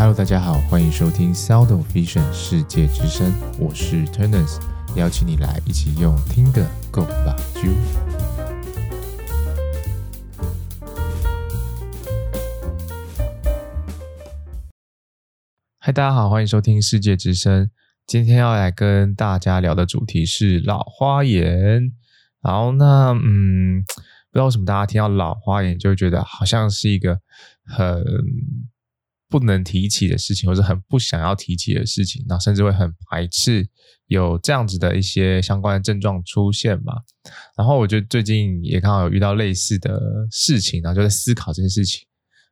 Hello，大家好，歡迎收聽《Sound Vision 世界之聲》，我是 Turners，邀請你來一起用聽的 Go 吧，啾！嗨，大家好，歡迎收聽《世界之聲》，今天要來跟大家聊的主題是老花眼。好，那嗯，不知道為什麼大家聽到老花眼，就會覺得好像是一個很……不能提起的事情，或者很不想要提起的事情，然後甚至會很排斥有這樣子的一些相關的症狀出現嘛。然後，我就最近也剛好有遇到類似的事情，然後就在思考這件事情：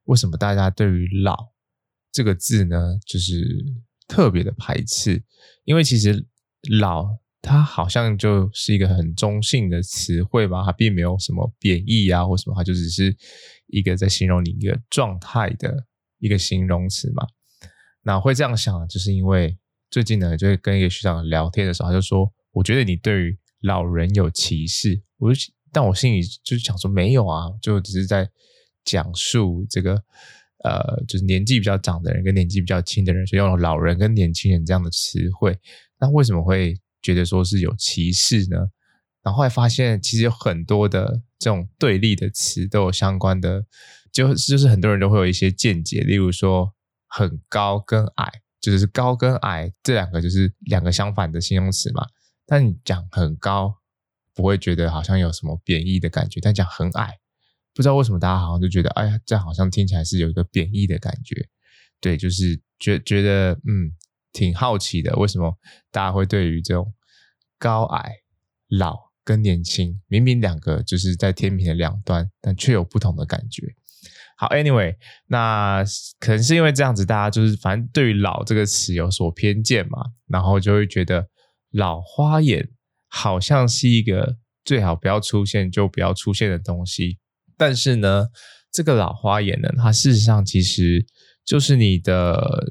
為什麼大家對於“老”這個字呢，就是特別的排斥？因為其實“老”它好像就是一個很中性的詞彙吧，它並沒有什麼貶義啊，或什麼，它就只是一個在形容你一個狀態的。一個形容詞嘛，那我會這樣想，就是因為最近呢，就會跟一個學長聊天的時候，他就說：“我覺得你對於老人有歧視。”我就但我心裡就是想說：“沒有啊，就只是在講述這個，呃，就是年紀比較長的人跟年紀比較輕的人，所以用老人跟年輕人這樣的詞彙。”那為什麼會覺得說是有歧視呢？然後後來發現，其實有很多的這種對立的詞都有相關的。就是、就是很多人都會有一些見解，例如說很高跟矮，就是高跟矮這兩個就是兩個相反的形容詞嘛。但你講很高，不會覺得好像有什麼貶義的感覺；但講很矮，不知道為什麼大家好像就覺得，哎呀，這好像聽起來是有一個貶義的感覺。對，就是覺得覺得嗯，挺好奇的，為什麼大家會對於這種高矮、老跟年輕，明明兩個就是在天平的兩端，但卻有不同的感覺。好，anyway，那可能是因為這樣子，大家就是反正對於“老”這個詞有所偏見嘛，然後就會覺得老花眼好像是一個最好不要出現就不要出現的東西。但是呢，這個老花眼呢，它事實上其實就是你的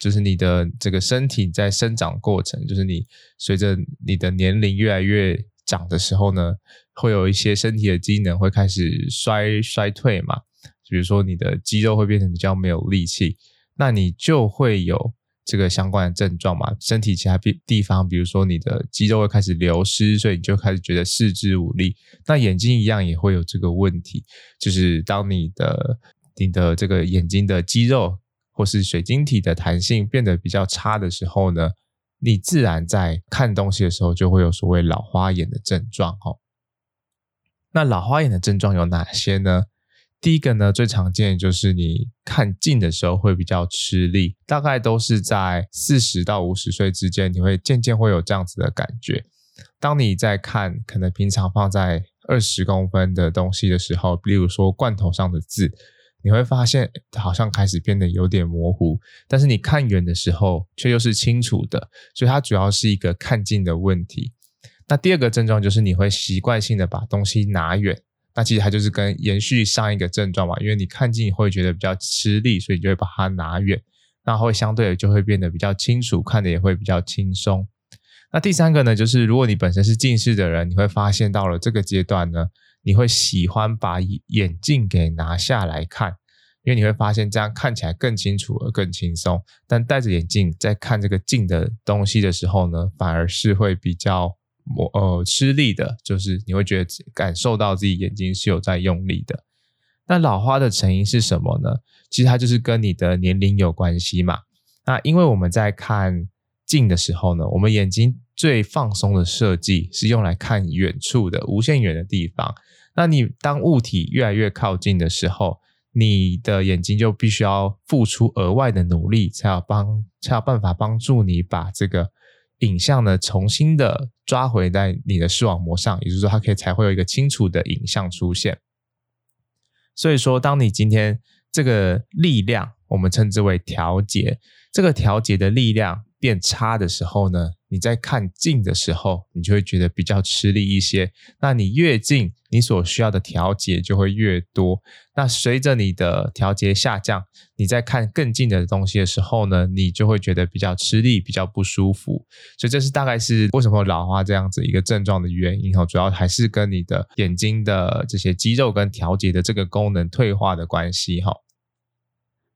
就是你的這個身體在生長過程，就是你隨着你的年齡越來越長的時候呢，會有一些身體的機能會開始衰衰退嘛。比如說，你的肌肉會變得比較沒有力氣，那你就會有這個相關的症狀嘛。身體其他地地方，比如說你的肌肉會開始流失，所以你就開始覺得四肢無力。那眼睛一樣也會有這個問題，就是當你的你的這個眼睛的肌肉或是水晶體的彈性變得比較差的時候呢，你自然在看東西的時候就會有所謂老花眼的症狀哦。那老花眼的症狀有哪些呢？第一個呢，最常見就是你看近的時候會比較吃力，大概都是在四十到五十歲之間，你會漸漸會有這樣子的感覺。當你在看可能平常放在二十公分的東西的時候，比如說罐頭上的字，你會發現好像開始變得有點模糊，但是你看遠的時候卻又是清楚的，所以它主要是一個看近的問題。那第二個症狀就是你會習慣性的把東西拿遠。那其實它就是跟延續上一個症狀嘛，因為，你看近會覺得比較吃力，所以你就會把它拿遠，那會相對的就會變得比較清楚，看得也會比較輕鬆。那第三個呢，就是如果你本身是近視的人，你會發現到了這個階段呢，你會喜歡把眼鏡給拿下來看，因為你會發現這樣看起來更清楚而更輕鬆。但戴着眼鏡在看這個近的東西的時候呢，反而是會比較。我呃，吃力的，就是你會覺得感受到自己眼睛是有在用力的。那老花的成因是什麼呢？其實它就是跟你的年齡有關係嘛。那因為我們在看近的時候呢，我們眼睛最放鬆的設計是用來看遠處的，無限遠的地方。那你當物體越來越靠近的時候，你的眼睛就必須要付出額外的努力，才有幫才有辦法幫助你把這個。影像呢，重新的抓回在你的視網膜上，也就是說，它可以才會有一個清楚的影像出現。所以說，當你今天這個力量，我們稱之為調節，這個調節的力量，變差的時候呢，你在看近的時候，你就會覺得比較吃力一些。那你越近，你所需要的調節就會越多。那隨着你的調節下降，你在看更近的東西的時候呢，你就會覺得比較吃力，比較不舒服。所以這是大概是為什麼會老花這樣子一個症狀的原因哈，主要還是跟你的眼睛的這些肌肉跟調節的這個功能退化的關係哈。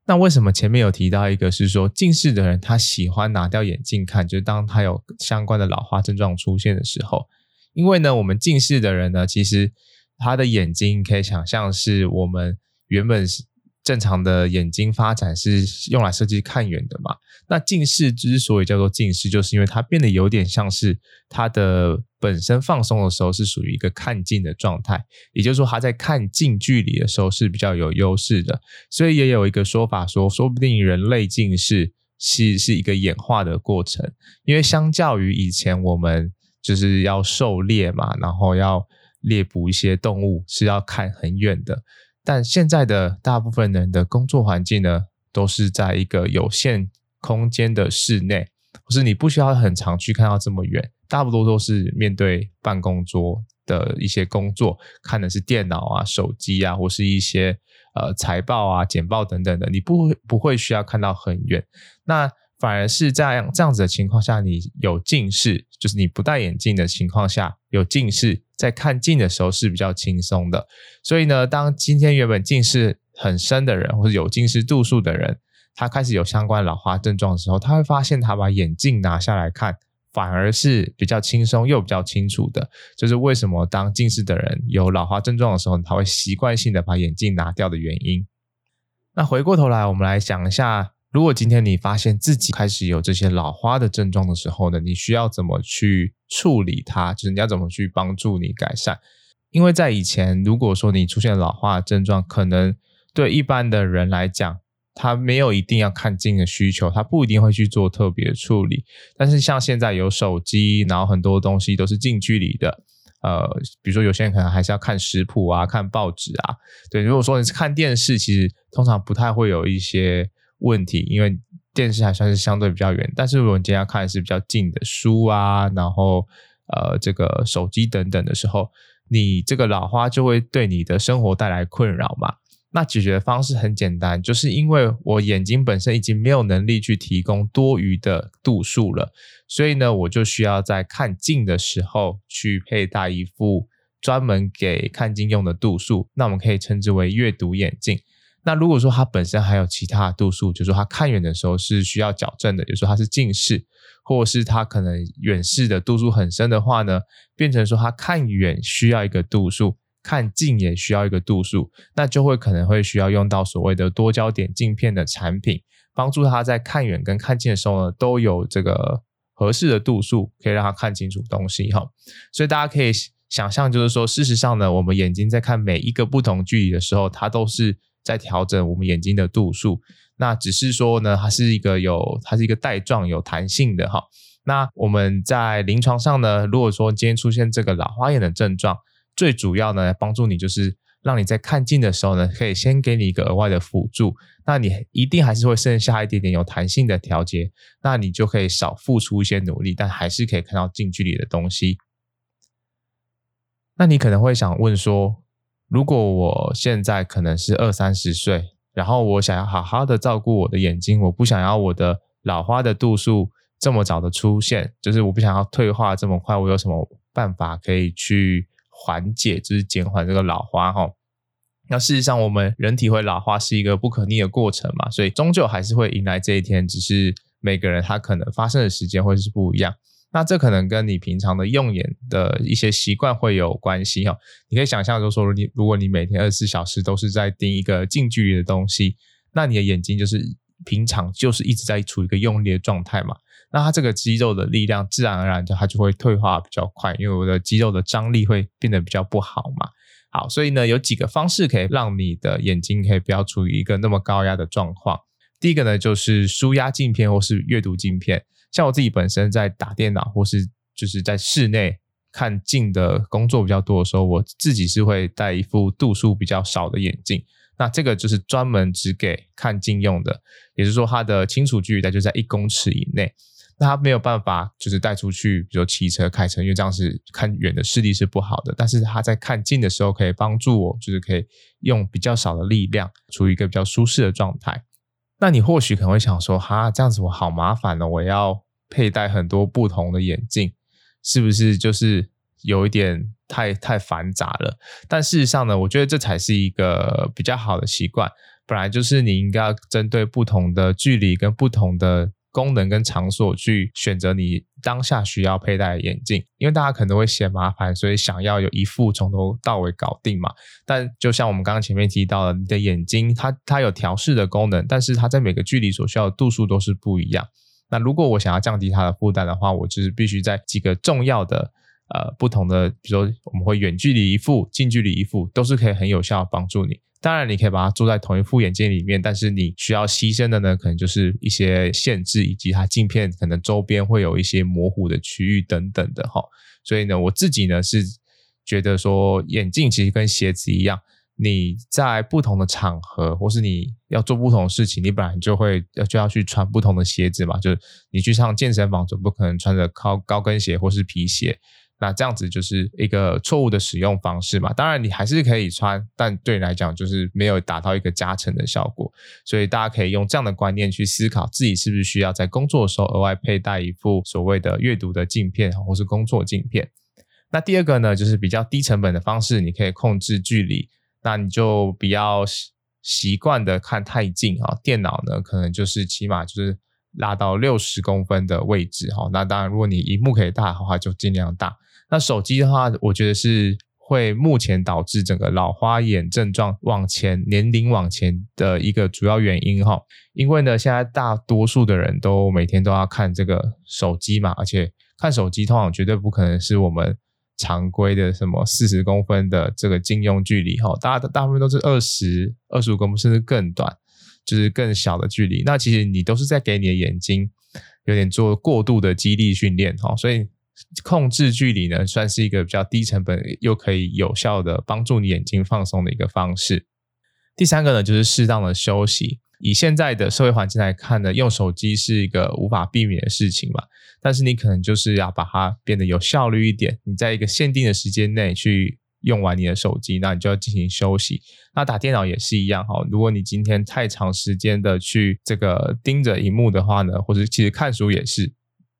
那為什麼前面有提到一個是說近視的人，他喜歡拿掉眼鏡看，就是當他有相關的老花症狀出現的時候，因為呢，我們近視的人呢，其實他的眼睛可以想象是我們原本是。正常的眼睛發展是用來設計看遠的嘛。那近視之所以叫做近視，就是因為它變得有點像是它的本身放鬆的時候是屬於一個看近的狀態，也就是說，它在看近距離的時候是比較有優勢的。所以也有一個說法說，說不定人類近視是是一個演化的過程，因為相較於以前，我們就是要狩獵嘛，然後要獵捕一些動物是要看很遠的。但現在的大部分人的工作環境呢，都是在一個有限空間的室內，或是你不需要很常去看到這麼遠，大部分都是面對辦公桌的一些工作，看的是電腦啊、手機啊，或是一些呃財報啊、簡報等等的，你不不會需要看到很遠。那反而是在這樣子的情況下，你有近視，就是你不戴眼鏡的情況下有近視，在看近的時候是比較輕鬆的。所以呢，當今天原本近視很深的人，或者有近視度數的人，他開始有相關老花症狀的時候，他會發現他把眼鏡拿下來看，反而是比較輕鬆又比較清楚的。就是為什麼當近視的人有老花症狀的時候，他會習慣性的把眼鏡拿掉的原因。那回過頭來，我們來講一下。如果今天你發現自己開始有這些老花的症狀的時候呢，你需要怎麼去處理它？就是你要怎麼去幫助你改善？因為在以前，如果說你出現老花的症狀，可能對一般的人來講，他沒有一定要看近的需求，他不一定會去做特別的處理。但是像現在有手機，然後很多東西都是近距離的，呃，比如說有些人可能還是要看食譜啊、看報紙啊。對，如果說你是看電視，其實通常不太會有一些。問題，因為電視還算是相對比較遠，但是如果你今天要看的是比較近的書啊，然後呃，這個手機等等的時候，你這個老花就會對你的生活帶來困擾嘛。那解決方式很簡單，就是因為我眼睛本身已經沒有能力去提供多餘的度數了，所以呢，我就需要在看近的時候去佩戴一副專門給看近用的度數，那我們可以稱之為閱讀眼鏡。那如果說他本身還有其他的度數，就是說他看遠的時候是需要矯正的，有時候他是近視，或者是他可能遠視的度數很深的話呢，變成說他看遠需要一個度數，看近也需要一個度數，那就會可能會需要用到所謂的多焦點鏡片的產品，幫助他在看遠跟看近的時候呢都有這個合適的度數，可以讓他看清楚東西哈。所以大家可以想象，就是說事實上呢，我們眼睛在看每一個不同距離的時候，它都是在調整我們眼睛的度數，那只是說呢，它是一個有，它是一個帶狀有彈性的哈。那我們在臨床上呢，如果說今天出現這個老花眼的症狀，最主要呢，幫助你就是讓你在看近的時候呢，可以先給你一個額外的輔助。那你一定還是會剩下一點點有彈性的調節，那你就可以少付出一些努力，但還是可以看到近距離的東西。那你可能會想問說。如果我現在可能是二三十歲，然後我想要好好的照顧我的眼睛，我不想要我的老花的度數這麼早的出現，就是我不想要退化這麼快，我有什麼辦法可以去緩解，就是減緩這個老花哈？那事實上，我們人體會老化是一個不可逆的過程嘛，所以終究還是會迎來這一天，只是每個人他可能發生的時間會是不一樣。那這可能跟你平常的用眼的一些習慣會有關係哦。你可以想象，就是說，你如果你每天二十四小時都是在盯一個近距離的東西，那你的眼睛就是平常就是一直在處於一個用力的狀態嘛。那它這個肌肉的力量自然而然的它就會退化比較快，因為我的肌肉的張力會變得比較不好嘛。好，所以呢，有幾個方式可以讓你的眼睛可以不要處於一個那麼高壓的狀況。第一個呢，就是舒壓鏡片或是閱讀鏡片。像我自己本身在打電腦或是就是在室內看近的工作比較多的時候，我自己是會戴一副度數比較少的眼鏡。那這個就是專門只給看近用的，也就是說它的清楚距離它就在一公尺以內。那它沒有辦法就是帶出去，比如騎車、開車，因為這樣子看遠的視力是不好的。但是它在看近的時候可以幫助我，就是可以用比較少的力量，處於一個比較舒適的狀態。那你或許可能會想說，哈，這樣子我好麻煩哦、喔，我要。佩戴很多不同的眼鏡，是不是就是有一點太太繁雜了？但事實上呢，我覺得這才是一個比較好的習慣。本來就是你應該要針對不同的距離跟不同的功能跟場所去選擇你當下需要佩戴的眼鏡，因為大家可能會嫌麻煩，所以想要有一副從頭到尾搞定嘛。但就像我們剛剛前面提到的，你的眼睛它它有調適的功能，但是它在每個距離所需要的度數都是不一樣。那如果我想要降低它的負擔的話，我就是必須在幾個重要的呃不同的，比如說我們會遠距離一副，近距離一副，都是可以很有效地幫助你。當然，你可以把它做在同一副眼鏡裡面，但是你需要犧牲的呢，可能就是一些限制，以及它鏡片可能周邊會有一些模糊的區域等等的哈。所以呢，我自己呢是覺得說，眼鏡其實跟鞋子一樣。你在不同的場合，或是你要做不同的事情，你本來就會，就要去穿不同的鞋子嘛，就是你去上健身房，總不可能穿着高高跟鞋，或是皮鞋，那這樣子就是一個錯誤的使用方式嘛。當然你還是可以穿，但對你來講就是沒有達到一個加成的效果。所以大家可以用這樣的觀念去思考，自己是不是需要在工作的時候額外佩戴，一副所謂的閱讀的鏡片，或是工作鏡片。那第二個呢，就是比較低成本的方式，你可以控制距離。那你就比較習慣的看太近啊，電腦呢，可能就是起碼就是拉到六十公分的位置哈。那當然，如果你螢幕可以大的話，就盡量大。那手機的話，我覺得是會目前導致整個老花眼症狀往前、年齡往前的一個主要原因哈。因為呢，現在大多數的人都每天都要看這個手機嘛，而且看手機通常絕對不可能是我們。常規的什麼四十公分的這個近用距離哈，大家大部分都是二十二十五公分，甚至更短，就是更小的距離。那其實你都是在給你的眼睛有點做過度的肌力訓練哈，所以控制距離呢，算是一個比較低成本又可以有效的幫助你眼睛放鬆的一個方式。第三個呢，就是適當的休息。以現在的社會環境來看呢，用手機是一個無法避免的事情嘛。但是你可能就是要把它變得有效率一點。你在一個限定的時間內去用完你的手機，那你就要進行休息。那打電腦也是一樣哈。如果你今天太長時間的去這個盯着螢幕的話呢，或者其實看書也是。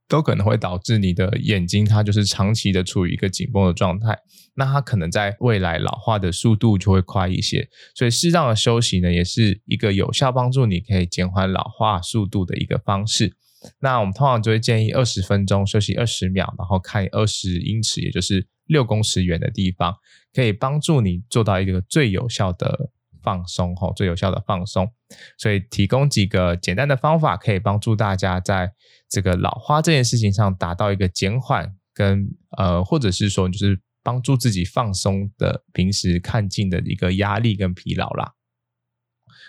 都可能會導致你的眼睛，它就是長期的處於一個緊繃的狀態，那它可能在未來老化的速度就會快一些。所以適當的休息呢，也是一個有效幫助你可以減緩老化速度的一個方式。那我們通常就會建議二十分鐘休息二十秒，然後看二十英尺，也就是六公尺遠的地方，可以幫助你做到一個最有效的。放鬆吼，最有效的放鬆，所以提供幾個簡單的方法，可以幫助大家在這個老花這件事情上達到一個減緩跟呃，或者是說就是幫助自己放鬆的平時看近的一個壓力跟疲勞啦。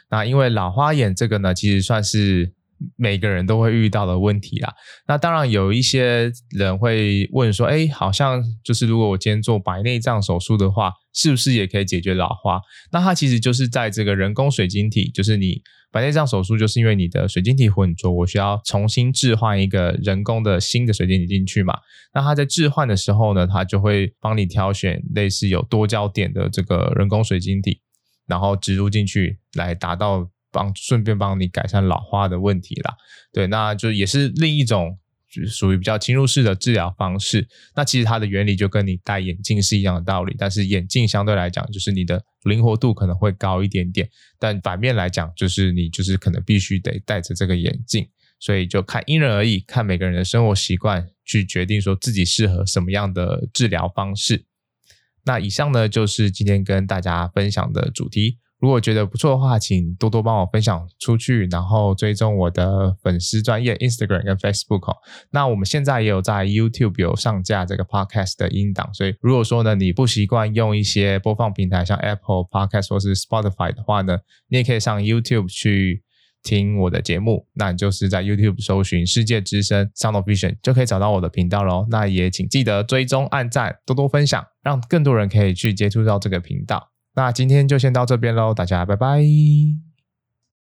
那因為老花眼這個呢，其實算是。每個人都會遇到的問題啦。那當然有一些人會問說，哎，好像就是如果我今天做白內障手術的話，是不是也可以解決老花？那它其實就是在這個人工水晶體，就是你白內障手術就是因為你的水晶體混濁，我需要重新置換一個人工的新的水晶體進去嘛。那它在置換的時候呢，它就會幫你挑選類似有多焦點的這個人工水晶體，然後植入進去來達到。幫順便幫你改善老花的問題啦，對，那就也是另一種屬於比較侵入式的治療方式。那其實它的原理就跟你戴眼鏡是一樣的道理，但是眼鏡相對來講，就是你的靈活度可能會高一點點，但反面來講，就是你就是可能必須得戴着這個眼鏡，所以就看因人而異，看每個人的生活習慣去決定說自己適合什麼樣的治療方式。那以上呢，就是今天跟大家分享的主題。如果覺得不錯的話，請多多幫我分享出去，然後追蹤我的粉絲專業 Instagram 跟 Facebook 哦。那我們現在也有在 YouTube 有上架這個 Podcast 的音檔，所以如果說呢，你不習慣用一些播放平台，像 Apple Podcast 或是 Spotify 的話呢，你也可以上 YouTube 去聽我的節目。那你就是在 YouTube 搜尋世界之聲 Sound of Vision 就可以找到我的頻道嘍。那也請記得追蹤、按讚、多多分享，讓更多人可以去接觸到這個頻道。那今天就先到這邊嘍，大家拜拜。